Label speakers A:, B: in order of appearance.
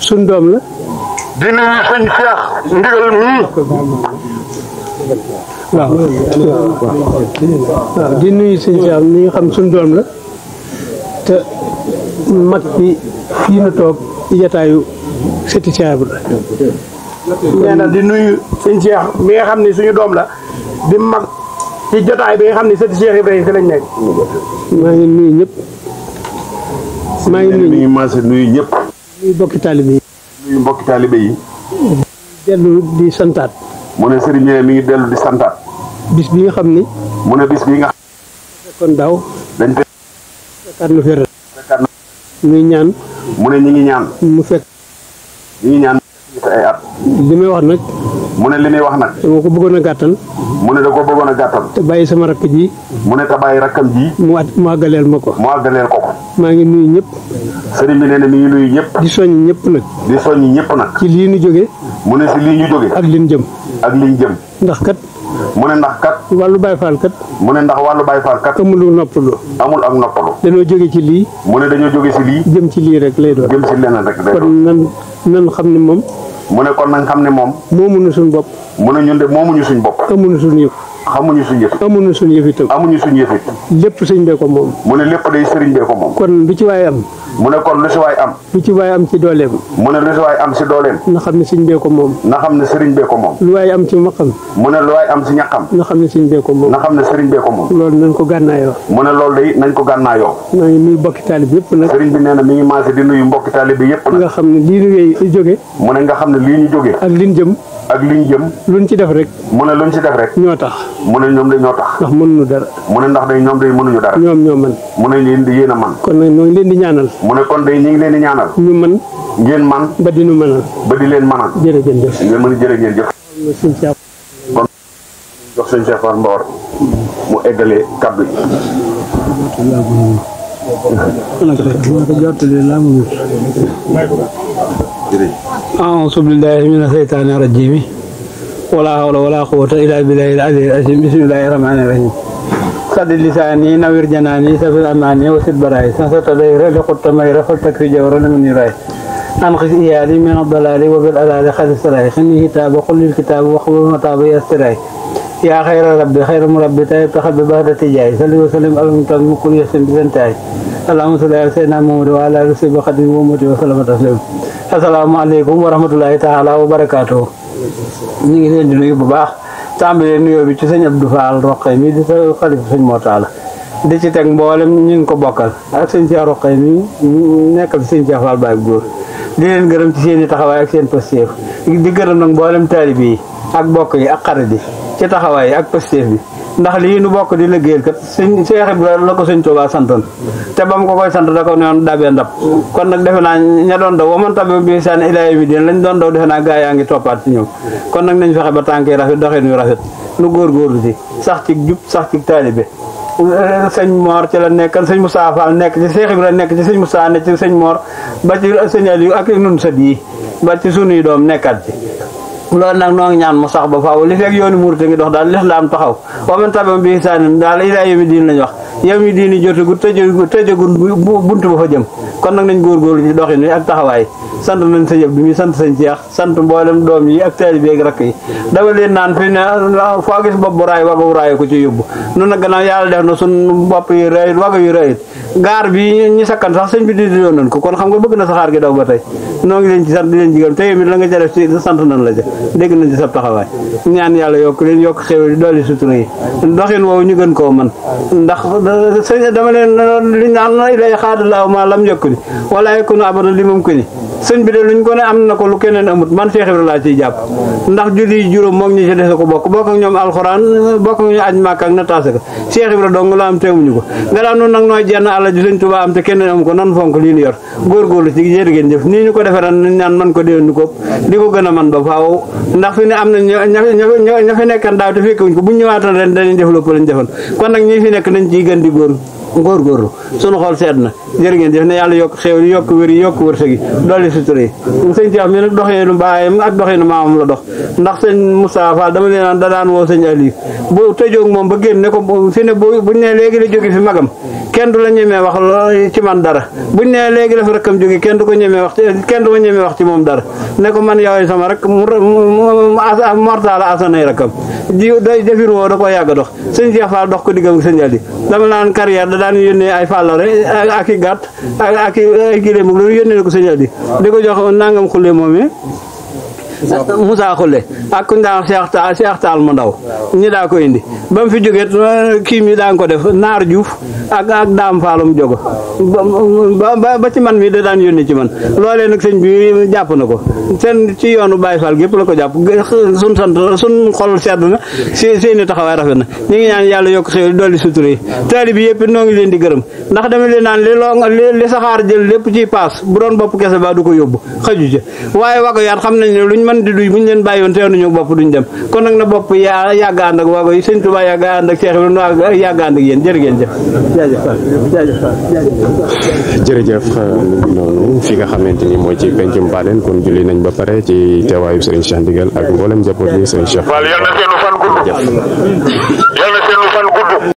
A: suñ doom la. di nuyu sëñ Cheikh ndigal mii. di nuyu sëñ Cheikh xam suñ doom la te mag bi fii na toog ci sëti Cheikh bi la. di nuyu sëñ Cheikh mi nga xam ne suñu doom la di mag ci bi nga xam ne sëti Cheikh lañ nekk. maa ngi nuyu ñëpp. maa ngi nuyu maa ñëpp. nuyu bokki talibé yi nuyu bokki talibé yi delu di santat mu ne serigne mi ngi delu di santat bis bi nga xamni mu ne bis bi nga kon daw dañ kan lu fer kan ñaan ne ñi ñaan mu fek ñi ñaan ay at. li may wax nag. mu ne li muy wax nag. dama ko bëggoon a gàttal. mu ne da ko bëggoon a gàttal. te bàyyi sama rakk ji. mu ne te bàyyi rakkam ji. mu at mu àggaleel ma ko. mu àggaleel ko ko. maa ngi nuyu ñëpp. sëriñ bi nee na mi ngi nuyu ñëpp. di soññ ñëpp nag. di soññ ñëpp nag. ci lii ñu jóge mu ne si lii ñu jógee. ak liñ jëm. ak liñ jëm. ndax kat. mu ne ndax kat. wàllu Baay Faal kat. mu ne ndax wàllu Baay Faal kat. amul noppalu. amul ak noppalu. dañoo jóge ci lii. mu ne dañoo jóge ci lii. jëm ci lii rek lay doon. jëm ci leneen rek lay doon kon nan nan xam ne moom. mu ne kon nañ xam ne moom. moomuñu suñu bopp. mu ne ñun de moomuñu suñu bopp. amuñu suñu yëf. xamuñu suñu yëfi amuñu suñu yëfi tëgg amuñu suñu yëfi lépp sëñ bee ko moom mu ne lépp day sëriñ bee ko moom kon lu ci waay am mu ne kon lu ci waay am lu ci waay am ci dooleem mu ne lu ci waay am ci dooleem na xam ne sëñ bee ko moom na xam ne sëriñ bee ko moom lu waay am ci maqam mu ne lu waay am ci ñaqam na xam ne sëñ bee ko moom na xam ne sëriñ bee ko moom loolu nañ ko gànnaayoo mu ne loolu day nañ ko gànnaayoo maa ngi nuyu mbokki taalib yëpp nag sëriñ bi nee na mi ngi maase di nuyu mbokki taalib bi yëpp nag nga xam ne lii ñu jóge mu ne nga xam ne lii ñu jóge ak liñ jëm ak liñ jëm luñ ci def rek mu ne luñ ci def rek ñoo tax mu ne ñoom day ñoo tax ndax mënuñu dara mu ne ndax day ñoom day mënuñu dara ñoom ñoo man mu ne leen di yéen a man kon nag ñoo ngi leen di ñaanal mu ne kon day ñi ngi leen di ñaanal ñu man ngeen man ba di ñu manal ba di leen manal jërë ngeen jëf ngeen mën jërë ngeen jëf kon jox sëñ Cheikh Fall mu eggalee kaddu
B: أعوذ بالله من الشيطان الرجيم ولا حول ولا قوة إلا بالله العلي العظيم بسم الله الرحمن الرحيم سد لساني نوير جناني سد الأماني وسد براي سنسط دير لقط مير فلتك جورا من يراي أنقذ إيادي من الضلال وبالألال خذ السراي خني كتاب وقل الكتاب وقل مطابي السراي يا خير ربي خير مربي تايب تخبي بهدة تجاي صلي وسلم على المتمم كل يسلم بذنتاي اللهم صل على سيدنا محمد وعلى آله وصحبه خدمه وموته وسلم تسليم السلام عليكم ورحمة الله تعالى وبركاته ñu ngi leen di nuyu bu baax tàmbalee nuyoo bi ci sëñ Abdou Fall Roqe mi di sa xarit sëñ Mortalla di ci teg mboolem ñu ngi ko bokkal ak sëñ Cheikh Roqe mi nekkal sëñ Cheikh Fall Baye Góor di leen gërëm ci seen i taxawaay ak seen pësteef di gërëm nag mboolem taalib yi ak bokk yi ak xarit yi ci taxawaay ak pësteef bi ndax lii nu bokk di liggéeyal kat sëñ Cheikh Ibrahima la ko sëñ Tuubaa santoon te ba mu ko koy sant da ko newoon dabee ndab kon nag defe naa ña doon daw waman tabi bi saan ilaa mi din lañ doon daw defe naa gaa yaa ngi toppaat ci ñëw kon nag nañ fexe ba tànk yi rafet doxin yu rafet góor góorgóorlu ci sax ci jub sax ci taalibe sëñ Mor ci la nekkan sëñ Moussa Fall nekk ci bi Ibrahima nekk ci sëñ Moussa nekk ci sëñ Mor ba ci sëñ Aliou ak nun sët yi ba ci sunuy doom nekkaat ci loolu nag noo ngi ñaan ma sax ba faaw li fekk yoonu murit ngi dox daal lislaam taxaw waman tabam bi isaanin daal ilaa yawmi diin lañ wax yawmi diin yi jotagut tëjëgut buntu ba fa jëm kon nag nañ góorgóorlu ci doxin wi ak taxawaay sant nañ sa yëpp bi sant sañ ceex sant mboolem doom yi ak taalibe ak rakk yi dama leen naan fi ne ah, foo gis bopp bu raay wagawu raay ko ci yóbbu nun nga bëgg na ba tey noo ngi leen ci sant di leen jigéen tey mi la nga ca def ci sant nañ la ca dégg nañ ci sa taxawaay ñaan yàlla yokk leen yokk xéwal dooli sutura yi doxin woowu ñu gën koo man ndax dama leen liñ naan ilay xaadalaaw ma lam yokk mumkin wala yakunu abadan li mumkin señ bi de luñ ko ne am na ko lu kenen amut man fexe la ci japp ndax julli juro mok ñi ci def ko bok bok ak ñom alquran bok ñu aj mak ak natas ak cheikh ibrahima dong la am teewu ñuko nga la nu nak noy jenn ala ju señ tuba am te kenen am ko non fonk li ñu yor gor gor ci yeer gene def ni ñu ko defal ñaan man ko deewu ko diko gëna man ba faaw ndax fi ne am na ña fi nekkan daaw te fekkuñ ko bu ñëwaatan ren dañu def lu ko lañ defal kon nak ñi fi nekk nañ ci gën di gor gor sunu xol seet na jërë ngeen jëf ne yok yokk xéwal yokk wér yi yokk wërsëg yi dolli sutura yi sëñ Cheikh mi nag doxeenu baayam ak doxé doxeenu maamam la dox ndax sëñ mustafa dama leen da daan woo sëñ Aliou bu ak mom ba genn ne ko fi ne buñ ne léegi la jóge fi magam kenn du la ñëmé wax ci man dara buñ ne léegi la fa rakkam jóge kenn du ko ñëmé wax ci kenn du ko ñëmé wax ci mom dara ne ko man yaay sama rek mortala asanay rakkam ji day defir wo da ko yag dox sëñ Cheikh Fall dox ko digam sëñ ali dama naan carrière da daan yónnee ay fàllare ak i gàtt ak ak i kilé mu yónnee ko sëñ Aliou di ko jox nangam xulle moomee Moussa Khoule ak ku ñu daan Cheikh Taal Cheikh Taal mu ndaw ñi daa ko indi ba mu fi jógee kii mi daan ko def Naar Diouf ak Daam Faalum Jogo ba ba ci man mi de daan yónni ci man looleen nag sëñ bi jàpp na ko seen ci yoonu Baye Fall gépp la ko jàpp sun sant sun xol sedd na seeni taxawaay rafet na ñu ngi ñaan yàlla yokk xéwal dolli sutura yi taalibe yépp noo ngi leen di gërëm ndax dama leen naan li loo saxaar jël lépp ci paas bu doon bopp kese ba du ko yóbbu xaju ca waaye man di duy bu ñu leen bàyyiwoon te ñu bopp duñ dem kon nag na bopp yaa yàgg ànd ak waago yi sëñ Tuubaa yàgg ànd ak Cheikh Ibrahima yàgg ànd ak yéen jërë ngeen jëf
A: euh, nga xamante ni mooy ci pencum Badène kon julli nañ ba pare ci teewaayu sëriñ Cheikh Ndigal ak mboolem njaboot bi sëriñ Cheikh. yal na seenu fan gudd.